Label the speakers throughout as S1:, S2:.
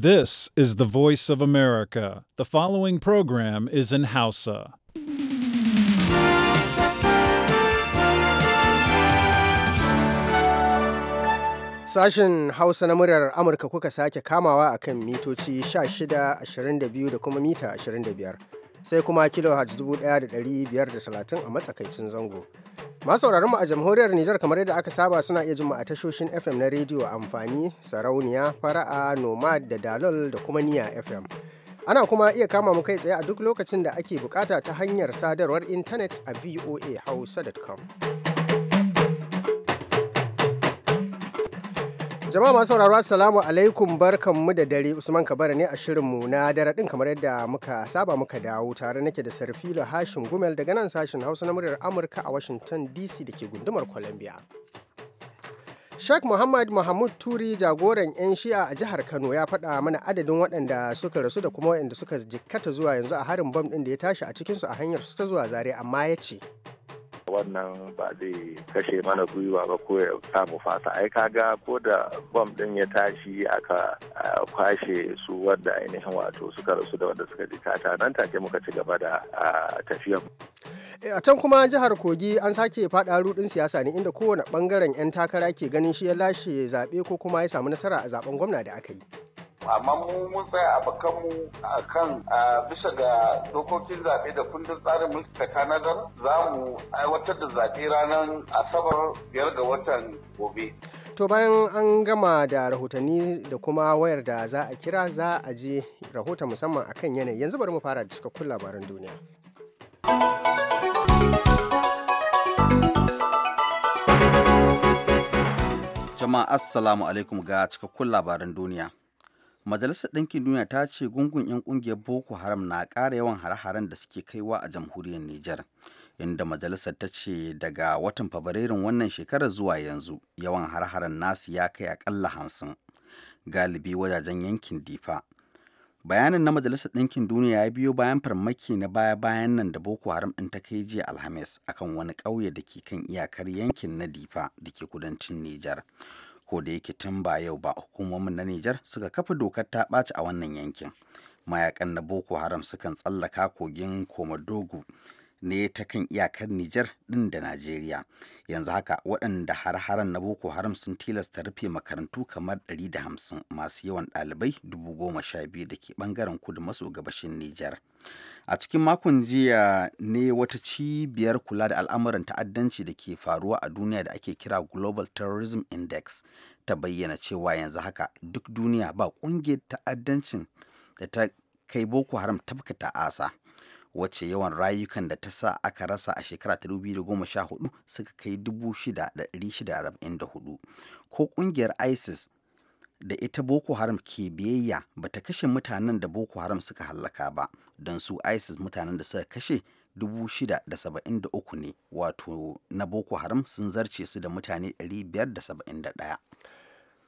S1: This is the voice of America. The following program is in Hausa.
S2: Sashen Hausa na muryar Amurka kuka sake kamawa akan mitoci 16, 22 da kuma mita 25. sai kuma kilohertz 1530 a matsakaicin zango. Masu mu a jamhuriyar Nijar kamar yadda aka saba suna iya jima a tashoshin FM na rediyo amfani, sarauniya, fara'a, nomad da dalol da kuma niya FM. Ana kuma iya kama mu kai tsaye a duk lokacin da ake bukata ta hanyar sadarwar intanet a voa voahausa.com. Jama'a masu sauraro assalamu alaikum barkanmu da dare Usman Kabara ne a shirin mu na dare din kamar yadda muka saba muka dawo tare nake da Sarfilo Hashin Gumel daga nan sashin Hausa na muryar Amurka a Washington DC da ke gundumar Columbia. Sheikh Muhammad Mahmud Turi jagoran 'yan shi'a a jihar Kano ya faɗa mana adadin waɗanda suka rasu da kuma waɗanda suka jikkata zuwa yanzu a harin bam ɗin da ya tashi a cikinsu a hanyar su ta zuwa zare amma ya ce.
S3: wannan ba zai kashe mana gwiwa ba ko ya samu fasa ai ka ga ko da bom din ya tashi aka kwashe su wadda ainihin wato suka rasu da wadda suka ta nan take muka ci gaba da tafiyar
S2: eh, a can kuma jihar kogi an sake faɗa rudin siyasa ne inda kowane bangaren 'yan takara ke ganin shi ya lashe zaɓe ko kuma ya samu nasara a zaben gwamna da aka yi
S1: amma mu mun tsaya a bakanmu a kan bisa ga dokokin zaɓe da kundin tsarin mulki ta kanadar za mu aiwatar da zaɓe ranar asabar biyar ga watan gobe.
S2: to bayan an gama da rahotanni da kuma wayar da za a kira za a je rahoton musamman akan yanayi yanzu bari mu fara da cikakkun labaran duniya.
S4: jama'a assalamu alaikum ga cikakkun labaran duniya majalisar ɗinkin duniya ta ce gungun 'yan ƙungiyar boko haram na ƙara yawan hare-haren da suke kaiwa a jamhuriyar nijar inda majalisar ta ce daga watan fabrairun wannan shekarar zuwa yanzu yawan har-haren nasu ya kai ƙalla hamsin galibi wajajen yankin difa bayanin na majalisar ɗinkin duniya ya biyo bayan farmaki na baya-bayan nan da boko haram ɗin ta kai jiya alhamis akan wani ƙauye da ke kan iyakar yankin na difa da ke kudancin nijar ko da yake tun ba yau ba hukumomin na Nijar suka kafa dokar ta ɓaci a wannan yankin. Mayakan na Boko Haram sukan tsallaka kogin Komadogu ne ta kan iyakar Nijar ɗin da Najeriya. Yanzu haka waɗanda har-haren na Boko Haram sun tilasta rufe makarantu kamar 150 masu yawan ɗalibai 12,000 da ke ɓangaren kudu maso gabashin Nijar. A cikin makon jiya ne wata cibiyar kula da al'amuran ta'addanci da ke faruwa a duniya da ake kira Global Terrorism Index ta bayyana cewa yanzu haka duk duniya ba ƙungiyar ta'addancin da ta kai Boko Haram tafka ta asa. wacce yawan rayukan da ta sa aka rasa a shekara ta 2014 suka kai 6,644 ko kungiyar isis da ita boko haram ke biyayya ba ta kashe mutanen da boko haram suka hallaka ba don su isis mutanen da suka kashe 673 ne wato na boko haram sun zarce su da mutane
S2: 571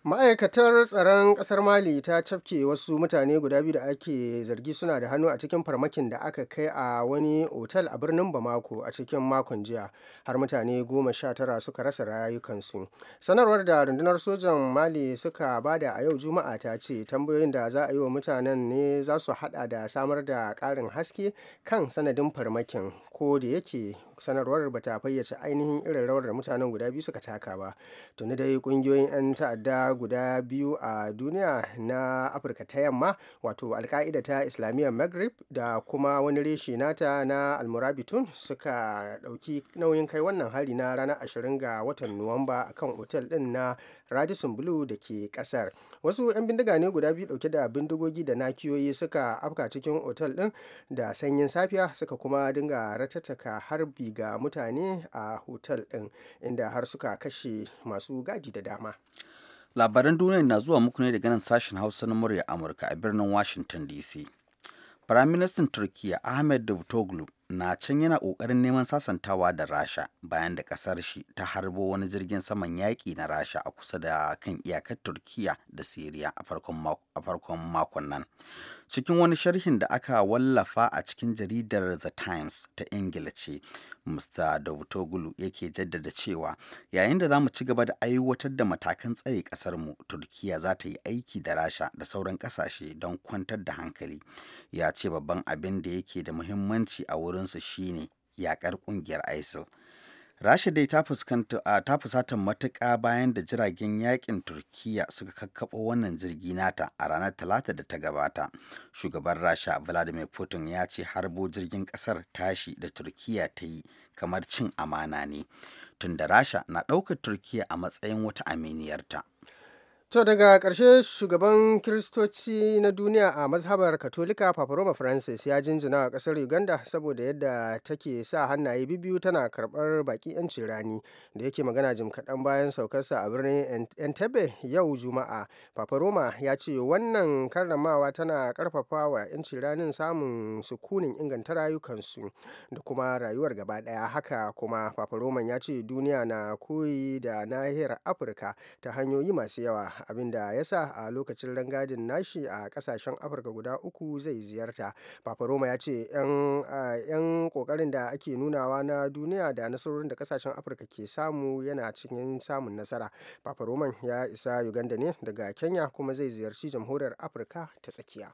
S2: ma'aikatar tsaron kasar mali ta cafke wasu mutane guda biyu da ake zargi suna da hannu a cikin farmakin da aka kai a wani otal a birnin bamako a cikin makon jiya har mutane goma sha tara suka rasa rayukansu sanarwar da rundunar sojan mali suka bada a yau juma'a ta ce tambayoyin da za a yi wa mutanen ne za su hada da samar da karin haske kan sanadin farmakin ko da yake sanarwar ba ta fayyace ainihin irin rawar da mutanen guda biyu suka taka ba tuni dai kungiyoyin 'yan ta'adda guda biyu a duniya na afirka ta yamma wato alka'ida ta islamiyyar maghrib da kuma wani reshe nata na almurabitun suka dauki nauyin kai wannan hari na ranar 20 ga watan nuwamba akan otel din na radisson blue da ke kasar wasu 'yan bindiga ne guda biyu dauke da bindigogi da nakiyoyi suka afka cikin otel din da sanyin safiya suka kuma dinga ratattaka harbi ga mutane a hotel din inda har suka kashe masu gadi da dama.
S4: labaran duniya na zuwa muku ne da ganin sashen hausa na murya amurka a birnin washington dc firaministan turkiya ahmed davutoglu na can yana ƙoƙarin neman sasantawa da rasha bayan da ƙasar shi ta harbo wani jirgin saman yaƙi na rasha a kusa da kan iyakar turkiya da siriya a farkon makon nan cikin wani sharhin da aka wallafa a cikin jaridar the times ta ingila ce mr davutoglu yake jaddada cewa yayin da za mu ci gaba da aiwatar da matakan tsare mu, turkiya za ta yi aiki da rasha da sauran ƙasashe don kwantar da hankali ya ce babban abin da yake da muhimmanci a wurinsu shine yaƙar ƙungiyar isil rasha dai ta fusata matuƙa bayan da jiragen yakin turkiya suka kakkaɓo wannan jirgi nata a ranar talata da ta gabata shugaban rasha vladimir putin ya ce harbo jirgin ƙasar tashi da turkiya ta yi kamar cin amana ne tunda rasha na ɗaukar turkiya a matsayin wata aminiyarta
S2: To daga ƙarshe shugaban Kiristoci na duniya a mazhabar Katolika Papa Roma Francis ya jinjina a ƙasar Uganda saboda yadda take sa hannaye bibiyu tana karɓar baki 'yancin rani da yake magana jim kaɗan bayan saukarsa a birnin Entebbe yau Juma'a. Papa Roma ya ce wannan karramawa tana ƙarfafa wa 'yancin ranin samun sukunin inganta rayukansu da kuma rayuwar gaba ɗaya. Haka kuma Papa Roma ya ce duniya na koyi da nahiyar Afirka ta hanyoyi masu yawa abinda ya sa a lokacin rangadin nashi a kasashen afirka guda uku zai ziyarta Papa Roma ya ce 'yan kokarin da ake nunawa na duniya da nasarorin da kasashen afirka ke samu yana cikin samun nasara Papa Roman ya isa uganda ne daga kenya kuma zai ziyarci jamhuriyar afirka ta tsakiya.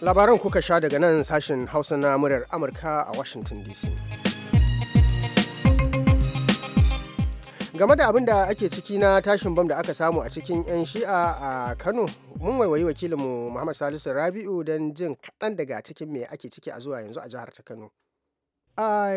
S2: labaran kuka sha daga nan sashen hausa na muryar amurka a washington dc game da abin da ake ciki na tashin bam da aka samu a cikin 'yan shi'a a kano mun waiwayi wakilinmu muhammad salisu rabi'u don jin kaɗan daga cikin mai ake ciki a zuwa yanzu a jihar ta kano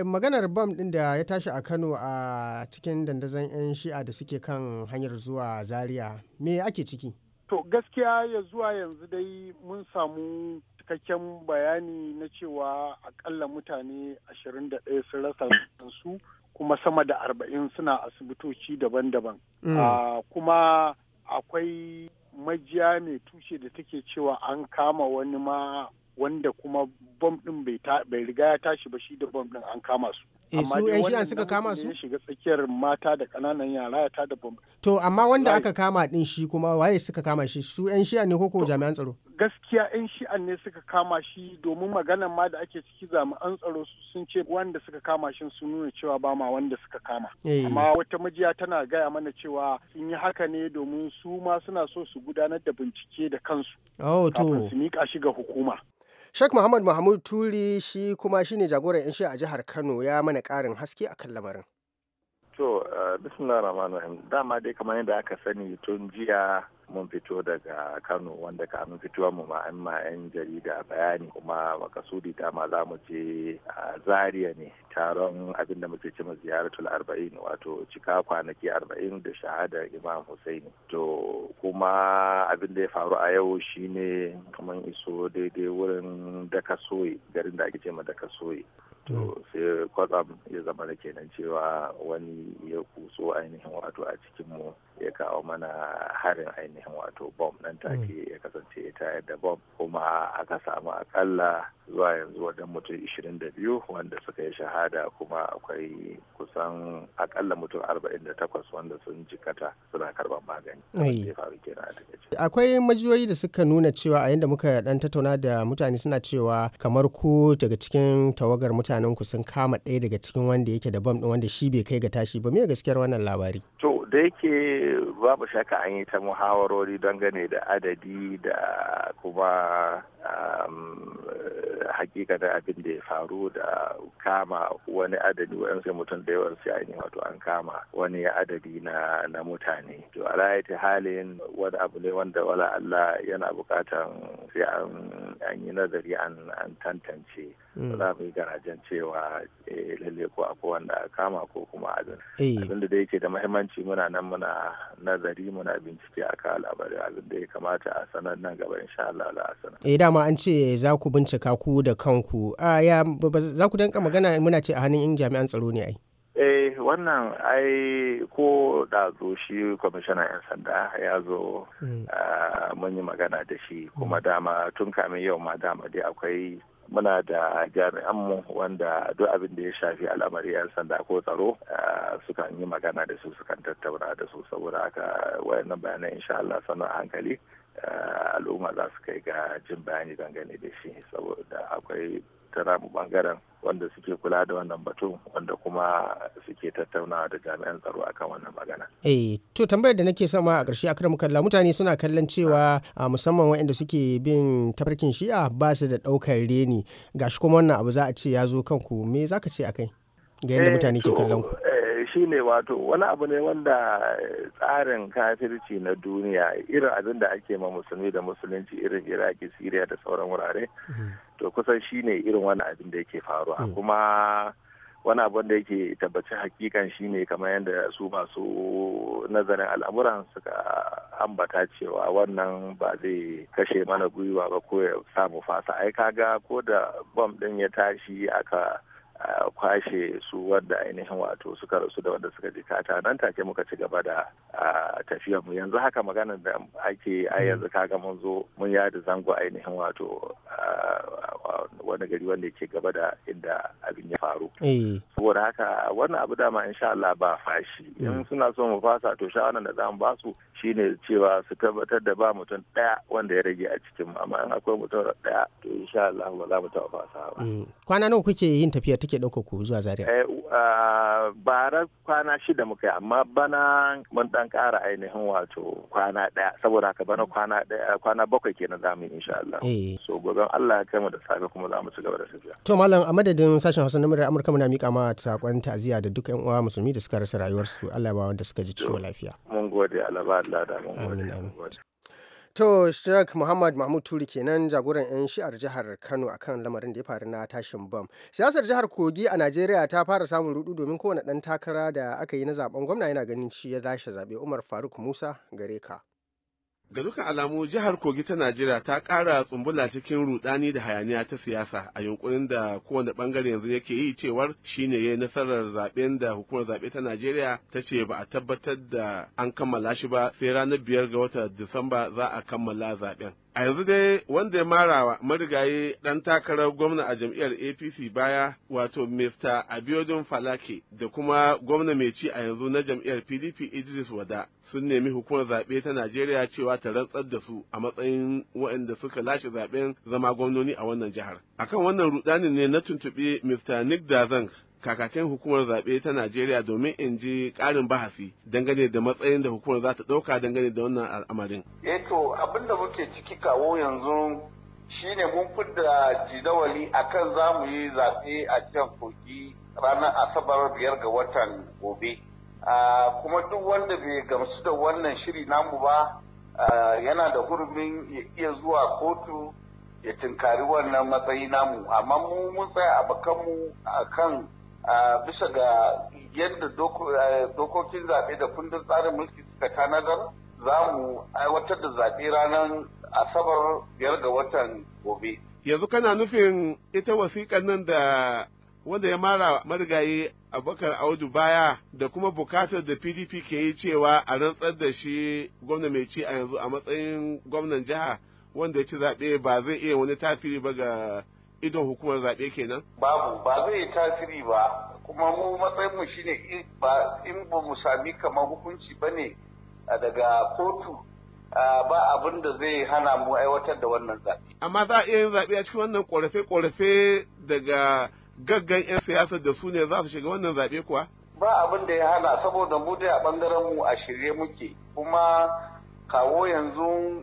S2: maganar bam ɗin da ya tashi a kano a cikin dandazon 'yan shi'a da suke kan hanyar zuwa zaria me ake ciki
S5: to gaskiya ya zuwa yanzu dai mun samu cikakken bayani na cewa akalla mutane 21 sun rasa su kuma sama da 40 suna asibitoci daban-daban. Mm. Ah, kuma akwai majiya mai tushe da take cewa an kama wani ma wanda kuma bom ɗin bai riga ya tashi ba shi da bom ɗin an kama su. Eh, su yan shi'an suka kama su shiga tsakiyar mata da yara ya
S2: to amma wanda aka kama din shi kuma waye suka kama shi su yan shi'an ne koko jami'an tsaro
S5: gaskiya yan shi'an ne suka kama shi domin maganan ma da ake ciki jami'an tsaro sun ce wanda suka kama shi sun nuna cewa ba ma wanda suka kama eh. amma wata mijiya tana gaya mana cewa sun yi haka ne domin su ma suna so su gudanar da bincike da kansu oh to su mika shi ga hukuma
S2: Sheikh Muhammad Mahmud Turi shi kuma shine jagoran 'yan shi a jihar Kano ya mana ƙarin haske a akan lamarin.
S5: To,
S3: eh, bismillah rahman rahim dama dai kamar yadda aka sani tun jiya mun fito daga kano wanda kamin fitowa mu ma an ma 'yan jarida bayani kuma makasudi ta ma za mu je a zaria ne taron abin da muke cima ziyaratul arba'in wato cika kwanaki arba'in da shahada imam husaini to kuma abin da ya faru a yau shine kuma iso daidai wurin dakasoyi garin da ake ce ma dakasoyi to mm. sai kwatsam ya zama da kenan cewa wani ya kuso ainihin wato a cikinmu ya kawo mana harin ainihin wato bom nan mm. take ya kasance ya tayar da bom kuma aka samu akalla zuwa yanzu wajen mutum 22 wanda suka yi shahada kuma akwai kusan akalla mutum 48 wanda sun jikata suna karban magani
S2: akwai majiyoyi da suka nuna cewa a yadda muka dan tattauna da mutane suna cewa kamar ko daga cikin tawagar mutane mutanen sun kama ɗaya daga cikin wanda yake da bam ɗin wanda shi bai kai ga tashi ba me gaskiyar wannan labari
S3: to da yake babu shaka an yi ta muhawarori gane da adadi da kuma um, hakikata abin da ya faru da kama wani adadi wa sai mutum da yawan sai yi wato an kama wani adadi na mutane to a ta halin wani abu ne wanda wala Allah yana bukatan sai an yi nazari an tantance hmm. za mu yi garajen cewa eh, lalle ko akwai wanda kama ko kuma abin eh. abin da yake da muhimmanci muna muna nan muna nazari muna bincike a kan labarai abin da ya kamata a sanar nan gaba insha Allah a sanar.
S2: Eh dama an ce za ku bincika ku da kanku. A ya za ku danka magana muna ce a hannun in jami'an tsaro ne ai.
S3: Eh wannan ai ko ɗazu shi kwamishinan 'yan sanda ya zo hmm. mun yi magana da shi kuma hmm. dama tun kamin yau ma dama dai akwai muna da jami'anmu wanda duk abin da ya shafi al'amari 'yan sanda ko tsaro eh, sukan yi magana da su sukan tattauna da su saboda haka wayannan bayanai insha Allah sanar a hankali al'umma za su kai ga jin bayani dangane da shi saboda akwai tara mu bangaren wanda suke kula da wannan batun wanda kuma suke tattaunawa da jami'an tsaro akan wannan magana.
S2: Eh to tambayar da nake sama a ƙarshe akram kalla mutane suna kallon cewa musamman waɗanda suke bin tafarkin shi'a ba su da ɗaukar reni gashi kuma wannan abu za a ce ya zo kanku me za ka ce a kai
S3: ga yadda eh, mutane ke kallon ku. Eh, shine wato wani abu ne wanda eh, tsarin kafirci na duniya irin abin da ake ma musulmi da musulunci irin iraki siriya da sauran wurare mm-hmm. to kusan shine irin wani abin da yake faruwa mm. kuma wani abin da yake tabbaci hakikan shine kamar yadda su masu nazarin al'amuran suka ambata cewa wannan ba zai kashe mana gwiwa ba ko ya samu fasa ai ga ko da bom din ya tashi aka kwashe su wanda ainihin wato suka rasu da wanda suka kata nan take muka ci gaba da tafiyar mu yanzu haka maganar da ake a mm. yanzu ga mun zo mun yada zango ainihin wato wani gari wanda ke gaba da inda abin ya faru eh. saboda haka wannan abu dama insha Allah ba fashi mm. in suna so mu fasa to shawaran da zamu basu shine cewa su tabbatar da ba mutum daya wanda ya rage a cikin amma in akwai mutum daya to insha Allah ba za mu taɓa fasa ba mm. kwana
S2: nawa kuke yin tafiya yake ɗauka ku zuwa Zaria?
S3: Eh, uh, bara kwana shida muka yi amma bana mun dan kara ainihin wato kwana ɗaya saboda haka bana kwana ɗaya kwana bakwai kenan za mu yi insha Allah. Eh. So gobe Allah ya kai mu da safe kuma za mu ci gaba da tafiya.
S2: To Mallam a madadin sashen Hausa na murar Amurka muna mika ma sakon ta'aziyya da duk ƴan uwa musulmi da suka rasa rayuwarsu Allah ba wanda suka ji ciwo lafiya.
S3: Mun gode Allah ba Allah da mun gode.
S2: To Sheikh Muhammad Mahmud Turi kenan jagoran 'yan shi'ar jihar Kano a kan lamarin da ya faru na tashin bam. Siyasar jihar Kogi a Najeriya ta fara samun rudu domin kowane ɗan takara da aka yi na zaben gwamna yana ganin shi ya lashe zaɓe Umar Faruk Musa gare ka.
S6: ga dukkan alamu jihar kogi ta najeriya ta ƙara tsumbula cikin rudani da hayaniya ta siyasa a yunkurin da kowane bangare yanzu yake yi cewar shine ya nasarar zaben da hukumar zaɓe ta najeriya ta ce ba a tabbatar da an kammala shi ba sai ranar biyar ga watan disamba za a kammala zaɓen. A yanzu dai wanda ya marawa marigayi ɗan takarar gwamna a jam'iyyar APC baya wato Mr. Abiodun Falake da kuma gwamna mai ci a yanzu na jam'iyyar PDP Idris Wada sun nemi hukumar zaɓe ta Najeriya cewa ta rantsar da su a matsayin waɗanda suka lashe zaɓen zama gwamnoni a wannan jihar. Akan wannan rudani ne na tuntuɓi Mr. Nick Dazang kakakin hukumar zaɓe ta Najeriya domin in ji ƙarin bahasi dangane da matsayin da hukumar za ta ɗauka dangane da wannan al'amarin.
S1: Eh to abin da muke ciki kawo yanzu shine mun fidda jidawali akan za mu yi zaɓe a can kogi ranar asabar biyar ga watan gobe. Ah, kuma duk wanda bai gamsu da wannan shiri namu ba ah, yana da hurumin ya iya zuwa kotu ya tinkari wannan matsayi namu amma mu mun tsaya a bakanmu a kan a bisa ga yadda dokokin zaɓe da kundin tsarin mulki suka tanadar za mu aiwatar da zaɓe ranar asabar biyar ga watan gobe.
S6: Yanzu kana nufin ita wasiƙan nan da wanda ya mara marigayi abubakar audu baya da kuma bukatar da pdp ke yi cewa a rantsar da shi gwamna mai ci a yanzu a matsayin gwamnan jiha wanda ya ci zaɓe ba zai iya wani tasiri ba ga idon hukumar zaɓe kenan?
S1: Babu ba zai yi tasiri ba kuma mu matsayin mu shine in ba in ba mu sami kamar hukunci ba ne daga kotu ba abin da zai hana mu aiwatar da wannan zaɓe.
S6: Amma za a iya yin zaɓe a cikin wannan ƙorafe-ƙorafe daga gaggan 'yan siyasa da su ne za su shiga wannan zaɓe kuwa?
S1: Ba abin da ya hana saboda mu dai a ɓangaren mu a shirye muke kuma kawo yanzu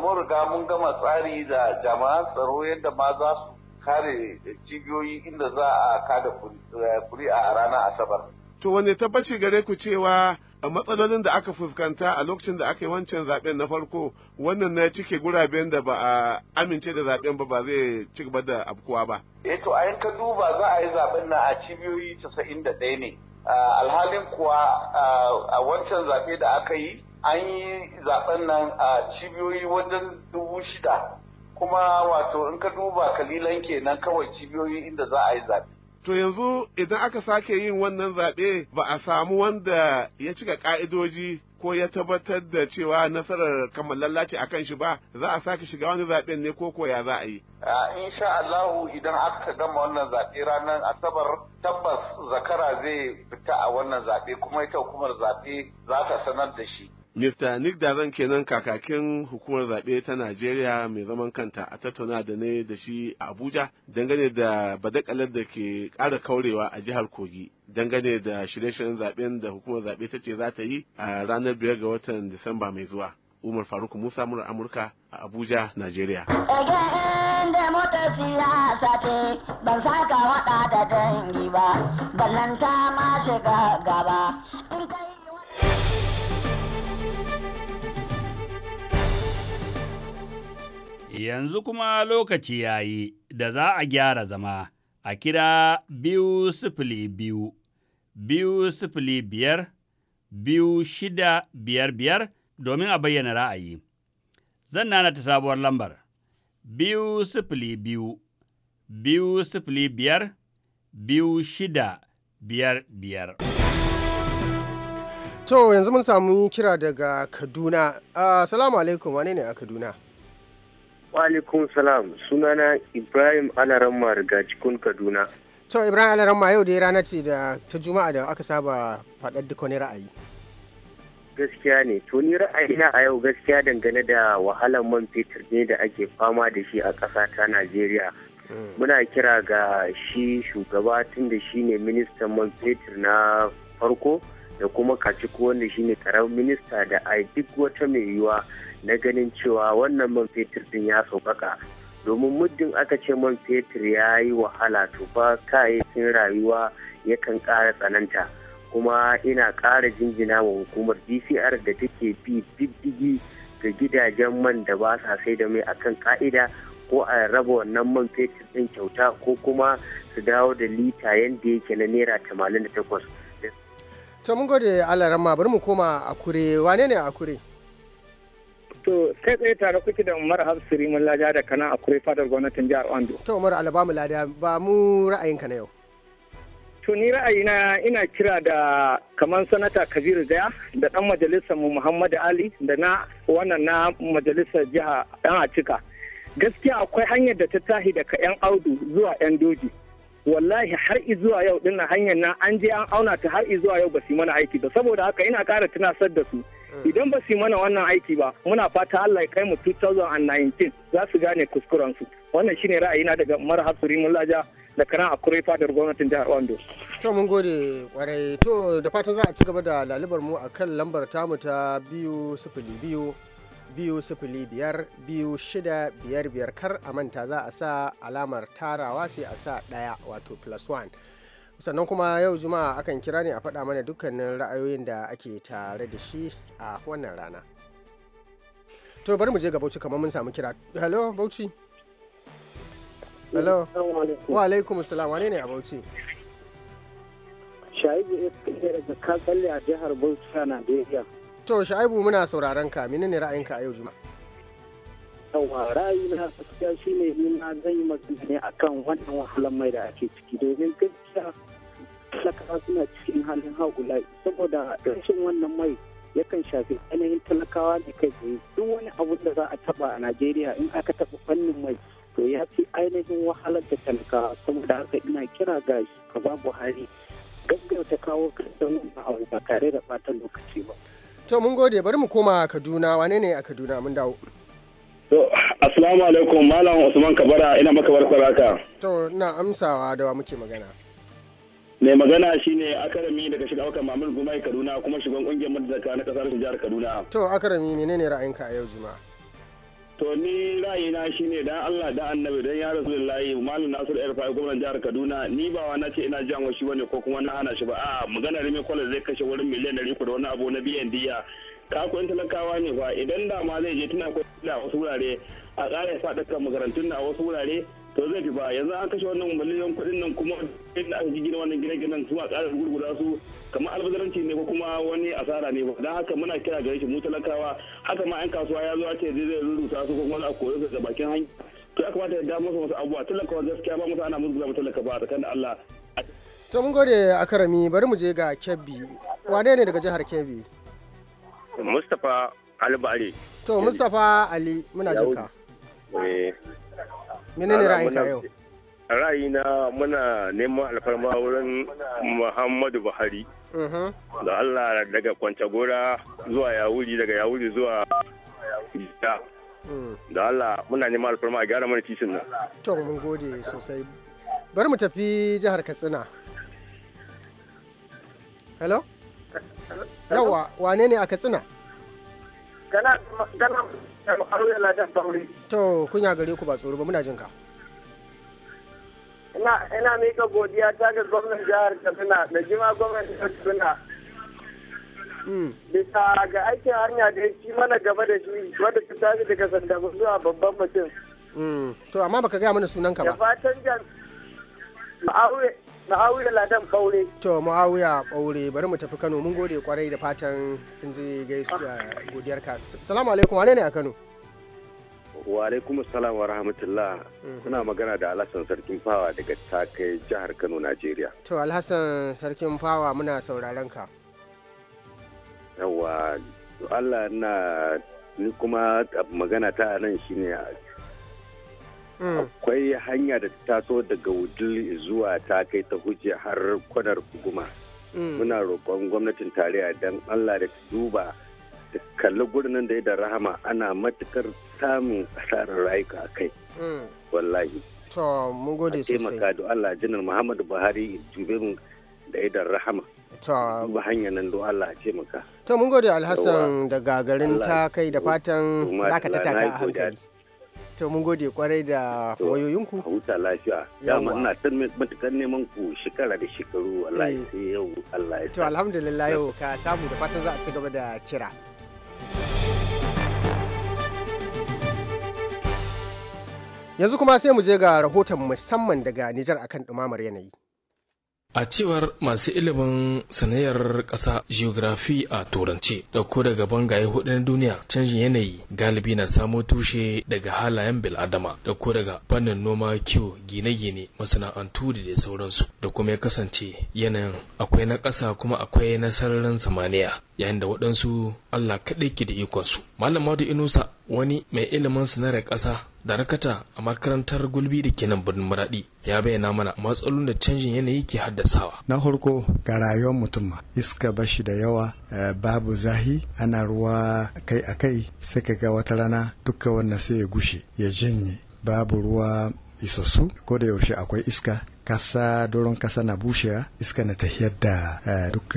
S1: mun riga mun gama tsari da jama'an tsaro yadda ma za su kare cibiyoyi inda za a kada kuri'a eh, a ranar asabar.
S6: To wanne tabbaci gare ku cewa matsalolin da aka fuskanta a lokacin da aka yi wancan zaben na farko wannan na cike guraben da ba a amince da zaben ba ba zai ci gaba da abubuwa ba.
S1: Eh to a ka duba za a yi zaben na a cibiyoyi casa'in da ɗaya ne. Alhalin kuwa a wancan zaɓe da aka yi an yi zaben nan a cibiyoyi wajen dubu shida kuma wato in ka duba kalilan kenan kawai cibiyoyi inda za a yi zaɓe.
S6: To yanzu idan aka sake yin wannan zaɓe ba a samu wanda ya cika ka'idoji ko ya tabbatar da cewa nasarar lallace a akan shi ba za a sake shiga wani zaɓen ne ko ya za a yi.
S1: sha Allahu idan aka gama wannan zaɓe ranar Asabar tabbas zakara zai fita a wannan zaɓe kuma ita hukumar zaɓe za ta sanar da shi.
S6: Mr. Nick Dazan kenan kakakin hukumar zaɓe ta Najeriya mai zaman kanta a tattauna da ne da shi a Abuja dangane da badakalar da ke ƙara kaurewa a jihar Kogi dangane da shirye-shiryen zaɓen da hukumar zaɓe ta ce za ta yi a ranar biyar ga watan Disamba mai zuwa. Umar Faruk Musa mura Amurka a Abuja, Najeriya. ban
S4: saka waɗa da dangi ba, ballanta ma shiga gaba.
S7: Yanzu kuma lokaci ya yi da za a gyara zama a kira biyu sifili biyu, biyu sifili biyar, biyu shida biyar biyar domin a bayyana ra'ayi. Zan nana ta sabuwar lambar biyu sifili biyu, biyu sifili biyar, biyu shida biyar biyar.
S2: To yanzu mun samu kira daga Kaduna. Uh, Salamu alaikum, wane ne a Kaduna?
S7: Walaikun salam sunana Ibrahim Alaramma daga cikin Kaduna.
S2: To Ibrahim Alaramma yau dai rana ce da ta Juma'a da aka saba faɗar duk wani ra'ayi.
S7: Gaskiya ne, to ni na a yau gaskiya dangane da wahalar man fetur ne da ake fama da shi a ƙasa ta Najeriya. Hmm. Muna kira ga shi shugaba tun da shi ne ministan man fetur na farko da kuma kaciku wanda shi ne minista da a duk wata mai yiwuwa. na ganin cewa wannan man fetur din ya sauƙaƙa domin muddin aka ce man fetur ya yi wahala to ba kayayyakin rayuwa yakan ƙara tsananta kuma ina ƙara jinjina wa hukumar dcr da take bi diddigi ga gidajen man da ba sa sai da mai akan ka'ida ko a raba wannan man fetur din kyauta ko kuma su dawo da lita yadda yake na naira takwas.
S2: ta mun gode allah bari mu koma a kure wane ne a kure
S7: To kai tsaye tare kuke da Umar Hafsiri mun laja da kana akwai fadar gwamnatin jihar Ondo.
S2: To Umar Alabamu Lada ba mu ra'ayinka na yau.
S7: To ni ra'ayina ina kira da kamar sanata Kabiru Daya da dan majalisar mu Muhammad Ali da na wannan na majalisar jiha dan Acika. Gaskiya akwai hanyar da ta tahi daga 'yan audu zuwa 'yan doji. wallahi har zuwa yau dinnan hanyar na an je an auna ta har zuwa yau ba su mana aiki ba saboda haka ina kara tunasar da su Mm. idan ba su yi mana wannan aiki ba muna fata Allah ya kai mu 2019 za su gane kuskurensu wannan shine ra'ayina daga mara hasuri mullaja da karan akure fadar gwamnatin jihar Ondo.
S2: To mun gode kwarai to da fatan za a ci gaba da lalibar mu akan lambar tamu ta biyu sifili kar a manta za a sa alamar tarawa sai a sa ɗaya wato plus 1 sannan kuma yau juma'a akan kira ne a faɗa mana dukkanin ra'ayoyin da ake tare da shi a wannan rana to bari mu je ga bauchi kamar mun samu kira hello bauchi hello wa alaikum salam wane ne a bauchi
S7: shaibu ya daga katsalle a jihar bauchi a najeriya
S2: to shaibu muna sauraron ka menene ra'ayinka a yau juma'a
S7: yawa rayu na gaskiya shi ne ni na zan yi magana ne akan wannan wahalar mai da ake ciki domin gaskiya talakawa suna cikin halin haƙula saboda rashin wannan mai yakan shafi ainihin talakawa ne kai tsaye duk wani abu da za a taba a najeriya in aka taba fannin mai to ya fi ainihin wahalar da talakawa saboda haka ina kira ga shugaba buhari gaggauta kawo kasan abu ba tare da ɓata lokaci
S2: ba. to mun gode bari mu koma kaduna wane ne a kaduna mun dawo.
S7: Assalamu alaikum Malam Usman Kabara ina maka bar haka.
S2: To na amsawa
S7: da wa muke magana. Mai magana shine Akarami daga shiga wakan Mamul Gumai Kaduna kuma shugaban kungiyar madadaka na kasar jihar Kaduna.
S2: To Akarami menene ra'ayinka a yau Juma'a?
S7: To ni ra'ayina shine dan Allah da Annabi dan ya Rasulullahi Malam Nasir Erfai gwamnan jihar Kaduna ni ba wa nace ina jan washi bane ko kuma na hana shi ba a'a maganar Rimi Kwala zai kashe wurin miliyan 100 da wani abu na biyan diya kakon talakawa ne ba idan da ma zai je tana kwanci a wasu wurare a ƙara ya kan makarantun a wasu wurare to zai fi ba yanzu an kashe wannan miliyan kuɗin nan kuma inda aka ji gina wannan gine-ginen su a ƙara gurgura su kamar albazaranci ne ko kuma wani asara ne ba don haka muna kira gare shi mu talakawa haka ma 'yan kasuwa ya zo a ce zai rurrusa su ko kuma a koyo su da bakin hanya to ya kamata ya damu masa wasu abubuwa talakawa gaskiya ba musu ana musu zama talaka ba tsakanin Allah.
S2: ta mun gode karami bari mu je ga kebbi wane ne daga jihar kebbi.
S7: Mustapha Alibari.
S2: To Mustapha Ali muna
S7: jinka. ra'ayi eh, ra'ayinka yau? Ra'ayina muna neman alfarma wurin Muhammadu Buhari. Mhm. Da Allah daga Kwantagora zuwa Yawuri daga Yawuri zuwa Ita. Mm. Da Allah muna neman alfarma a gyara mana titin nan.
S2: To mun gode sosai. Bari mu tafi jihar Katsina. Hello? yawa wane ne a katsina
S7: gana gana ya ladan bauri
S2: to kunya gare ku ba tsoro ba muna jin ka
S7: ina mai ka godiya ta ga gwamnan jihar katsina da jima gwamnan jihar katsina hmm. bisa ga aikin hanya da ya ci mana gaba da shi wadda ta tafi daga sandamu zuwa babban mutum
S2: hmm. to amma baka gaya mana sunan ka ba da
S7: fatan jan ma'auya Ma'awiya Ladan Ɓaure.
S2: To Ma'awiya Ɓaure bari mu tafi Kano mun gode kwarai da fatan sun ji gaisuwa godiyar ka. Salamu alaikum wane ne a Kano?
S7: Wa alaikum salam wa rahmatullah. Kuna mhm. magana da Alhassan Sarkin Fawa daga Takai jihar Kano Najeriya.
S2: To Alhassan Sarkin Fawa muna sauraron ka.
S7: Yawwa Allah na ni kuma magana ta nan shine Mm. akwai hanya da ta taso daga wudil zuwa ta kai ta huce har kwanar guma mm. muna roƙon gwamnatin tarayya don allah da ta duba da kalli gurin da ya da rahama ana matukar samun asarar rayuka a kai mm. wallahi
S2: to mun gode
S7: sosai taimaka da allah jinar muhammadu buhari jube mu da ya da rahama ta ba hanyar nan do Allah ce maka.
S2: To mun gode Alhassan daga garin ta kai da fatan zaka ta taka a hankali. to mun gode kwarai da
S7: wayoyinku huta lafiya dama ina matukar neman ku shekara da shekaru wallahi eh. sai yau Allah ya
S2: to alhamdulillah yau ka samu da fatan za a ci gaba da kira yanzu kuma sai mu je ga rahoton musamman daga Nijar akan dumamar yanayi
S8: A cewar masu ilimin sanayyar ƙasa geography a turance dauko daga bangaye hudu na duniya canjin yanayi galibi na samo tushe daga halayen biladama dauko daga fannin noma kyau gine-gine masana'antu da dai sauransu da kuma ya kasance yanayin akwai na ƙasa kuma akwai na sararin samaniya yayin da waɗansu Allah kaɗai ke da ikonsu. Malam Madu Inusa wani mai ilimin sanarar ƙasa darakata a makarantar gulbi da kenan birnin maradi ya bayyana mana matsalolin da canjin yanayi ke haddasawa
S5: na harko ga rayuwar mutum iska bashi da yawa eh, babu zahi ana ruwa kai a kai sai ka ga wata rana duka wannan sai ya gushe ya janye babu ruwa isassu ko da yaushe akwai iska kasa doron kasa na bushewa iska na tahiyar da eh, duk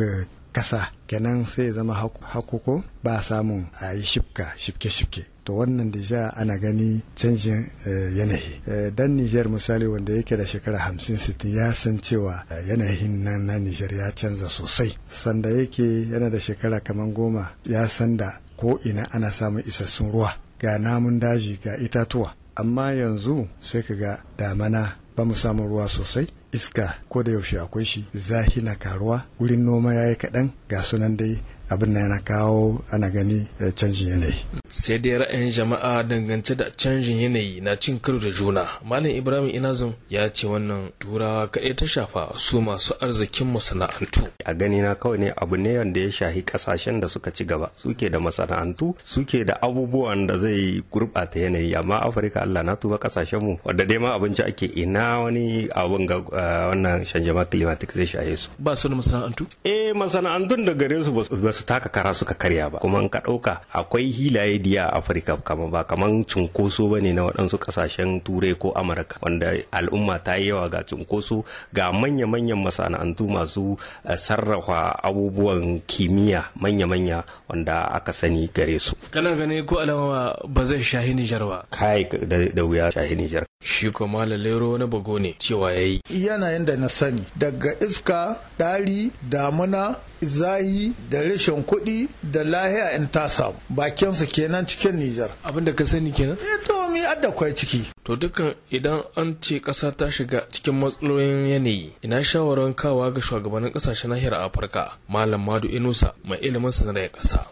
S5: kasa kenan sai zama hakuku ba samun a yi shifka shifke-shifke to wannan da ana gani canjin eh, yanayi eh, dan nijar misali wanda yake da shekara hamsin sittin ya san cewa eh, yanayin nan na nijar ya canza sosai sanda yake yana da shekara kamar goma ya san da ko ina ana samun isassun ruwa ga namun daji ga itatuwa amma yanzu sai ka ga damana ba mu samun ruwa sosai iska ko da yaushe akwai shi zafi na karuwa wurin noma yayi kaɗan ga sunan dai abin na yana kawo ana gani eh, canjin yanayi
S8: sai dai ra'ayin jama'a dangance da canjin yanayi na cin karo da juna malam ibrahim inazum ya ce wannan turawa kaɗai ta shafa su masu arzikin masana'antu
S7: a gani na kawai ne abu ne wanda ya shahi kasashen da suka ci gaba suke da masana'antu suke da abubuwan da zai gurɓata yanayi amma afirka allah na tuba kasashen mu wadda dai ma abinci ake ina wani abun ga eh, wannan shanjama climatic zai shahe su ba su da masana'antu eh masana'antun da gare su ba su taka kara suka karya ba kuma in ka ɗauka akwai hilaye diya a afirka kama ba kamar cunkoso ba ne na waɗansu kasashen turai ko amurka wanda al'umma ta yi yawa ga cunkoso ga manya-manyan masana'antu masu eh, sarrafa abubuwan kimiyya manya-manya wanda aka sani gare su
S8: kana gani ko alama ba zai shahi nijar ba kai da wuya shahi nijar shi kuma lalero na bago ne cewa ya yi
S5: yanayin da na sani daga iska ɗari damuna zahi da rashin kuɗi da lahiya in ta samu bakinsu kenan cikin nijar abin ka sani kenan eh to mi adda kwai ciki
S8: to dukkan idan an ce ƙasa ta shiga cikin matsalolin yanayi ina shawarar kawa ga shugabannin ƙasashen nahiyar afirka malam madu inusa mai ilimin da kasa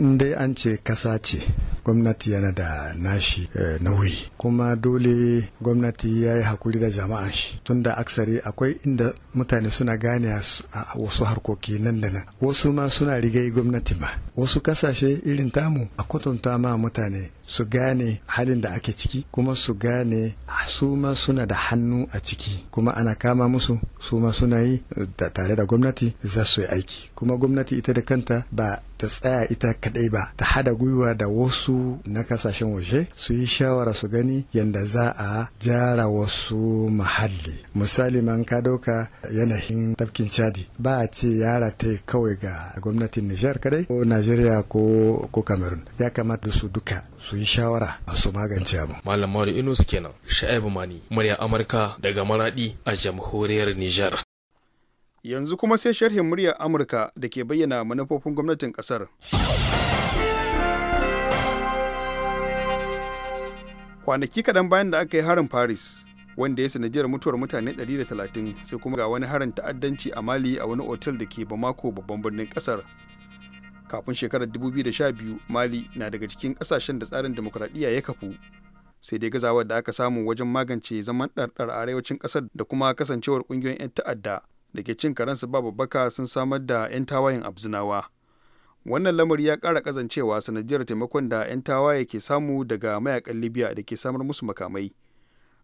S5: in dai an ce kasa ce gwamnati yana da nashi eh, nauyi kuma dole gwamnati ya yi hakuri da jama'an shi tun da aksari akwai inda mutane suna gane a wasu harkoki nan da nan wasu ma suna rigai gwamnati ma wasu kasashe irin tamu a kwatanta ma mutane su gane halin da ake ciki kuma su gane su ma suna da hannu a ciki kuma ana kama musu su ma suna yi tare da gwamnati za su yi aiki kuma gwamnati ita da kanta ba ta tsaya ita kadai ba ta hada gwiwa da wasu na kasashen waje su yi shawara su gani yadda za a jara wasu mahalli misali man ka doka yanayin tafkin chadi ba a ce yara ta kawai ga gwamnatin nijar kadai ko najeriya ko ko cameroon ya kamata su duka su yi shawara a su magance abu
S8: malam inu inus kenan sha'ibu mani murya amurka daga maradi a jamhuriyar
S9: nijar Yanzu kuma sai sharhin muryar Amurka da ke bayyana manufofin gwamnatin ƙasar. Kwanaki kaɗan bayan da aka yi harin Paris, wanda ya sanadiyar mutuwar mutane 130 sai kuma ga wani harin ta'addanci a Mali a wani otal da ke Bamako babban birnin ƙasar. Kafin shekarar 2012, Mali na daga cikin ƙasashen da tsarin demokuraɗiyya ya kafu. sai dai gazawar da aka samu wajen magance zaman ɗarɗar a arewacin ƙasar da kuma kasancewar ƙungiyoyin 'yan ta'adda da ke cin karansu ba babbaka sun samar da 'yan tawayen abzinawa wannan lamari ya kara kazancewa sanadiyar taimakon da 'yan tawaye ke samu daga mayakan libya da ke samar musu makamai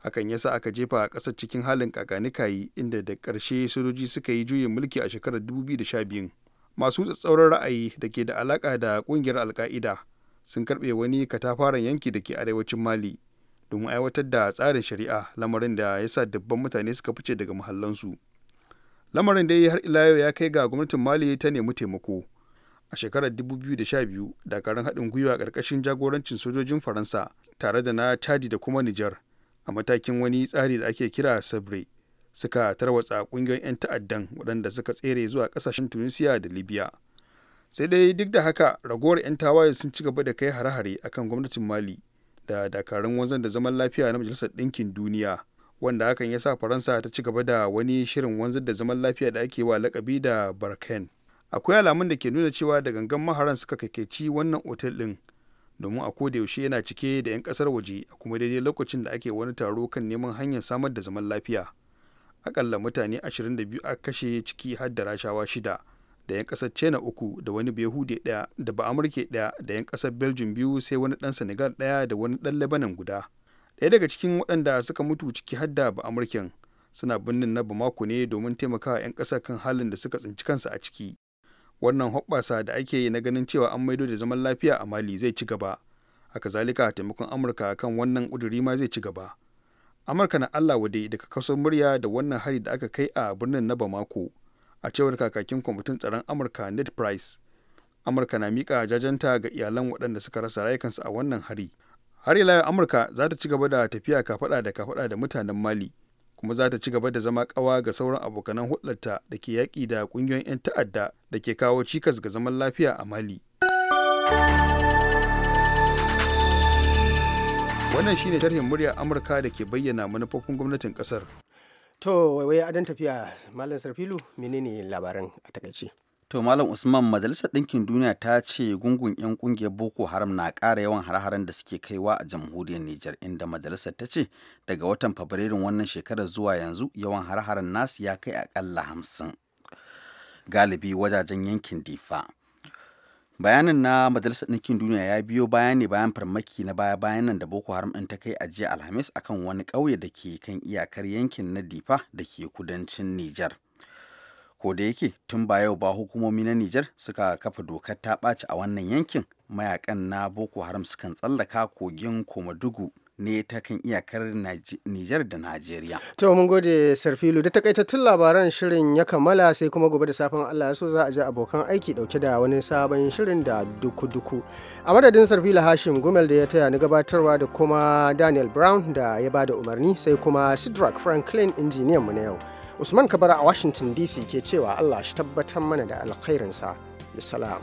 S9: hakan yasa aka jefa a ƙasar cikin halin kakanikayi inda da ƙarshe sojoji suka yi juyin mulki a shekarar 2012 masu tsatsauran ra'ayi da ke da alaƙa da ƙungiyar alka'ida sun karɓe wani katafaren yanki da ke arewacin mali domin aiwatar da tsarin shari'a lamarin da ya sa dubban mutane suka fice daga muhallansu. lamarin da ya yi har ila yau ya kai ga gwamnatin mali ta nemi taimako a shekarar 2012 dakarun haɗin gwiwa ƙarƙashin jagorancin sojojin faransa tare da na chadi da kuma nijar a matakin wani tsari da ake kira sabre suka tarwatsa ƙungiyoyin 'yan ta'addan waɗanda suka tsere zuwa ƙasashen tunisia da libya sai dai duk da haka ragowar 'yan tawaye sun ci gaba da kai hare-hare akan gwamnatin mali da dakarun wanzan da zaman lafiya na majalisar ɗinkin duniya wanda hakan ya sa faransa ta ci gaba da wani shirin wanzar da zaman lafiya da ake wa lakabi da barkan akwai alamun da ke nuna cewa da gangan maharan suka kakeci wannan otel din domin a koda yaushe yana cike da 'yan kasar waje a kuma daidai lokacin da ake wani taro kan neman hanyar samar da zaman lafiya akalla mutane 22 a kashe ciki har da rashawa shida da 'yan kasar china uku da wani behude daya da ba amurke daya da 'yan kasar belgium biyu sai wani dan senegal daya da wani dan lebanon guda ɗaya daga cikin waɗanda suka mutu ciki hadda ba amurkin suna birnin na bamako ne domin taimakawa 'yan ƙasa kan halin da suka tsinci kansu a ciki wannan hoɓɓasa da ake yi na ganin cewa an maido da zaman lafiya a mali zai ci gaba haka zalika taimakon amurka kan wannan ƙuduri ma zai ci gaba amurka na allah wade daga kaso murya da wannan hari da aka kai a birnin na bamako a cewar kakakin kwamitin tsaron amurka net price amurka na miƙa jajanta ga iyalan waɗanda suka rasa rayukansu a wannan hari har ila yau amurka za ta ci gaba da tafiya kafaɗa da kafaɗa da mutanen mali kuma za ta ci gaba da zama kawa ga sauran abokanan hulɗarta da ke yaƙi da ƙungiyoyin 'yan ta'adda da ke kawo cikas ga zaman lafiya a mali wannan shine tarhin muryar amurka da ke bayyana manufofin gwamnatin kasar to waiwai adon
S2: tafiya malam sarfilu menene labaran a takaice
S9: To
S4: Malam Usman Majalisar Ɗinkin Duniya ta ce gungun 'yan ƙungiyar Boko Haram na ƙara yawan har da suke kaiwa a jamhuriyar Nijar inda majalisar ta ce daga watan Fabrairun wannan shekarar zuwa yanzu yawan har-haren nasu ya kai aƙalla hamsin. Galibi wajajen yankin Difa. Bayanin na Majalisar Ɗinkin Duniya ya biyo bayan ne bayan farmaki na baya bayan nan da Boko Haram ɗin ta kai ajiya Alhamis akan wani ƙauye da ke kan iyakar yankin na Difa da ke kudancin Nijar. ko da yake tun ba yau ba hukumomi na Nijar suka kafa dokar ta ɓaci a wannan yankin mayakan na Boko Haram sukan tsallaka kogin Komadugu ne ta kan iyakar Nijar da Najeriya.
S2: To mun gode Sarfilu da takaitattun labaran shirin ya kammala sai kuma gobe da safin Allah ya so za a ji abokan aiki dauke da wani sabon shirin da duku-duku. A madadin Sarfilu Hashim Gumel da ya taya ni gabatarwa da kuma Daniel Brown da ya bada umarni sai kuma Sidrak Franklin injiniyan mu na yau. Usman Kabara a Washington DC ke cewa Allah shi tabbatar mana da alkhairinsa. Bisalam.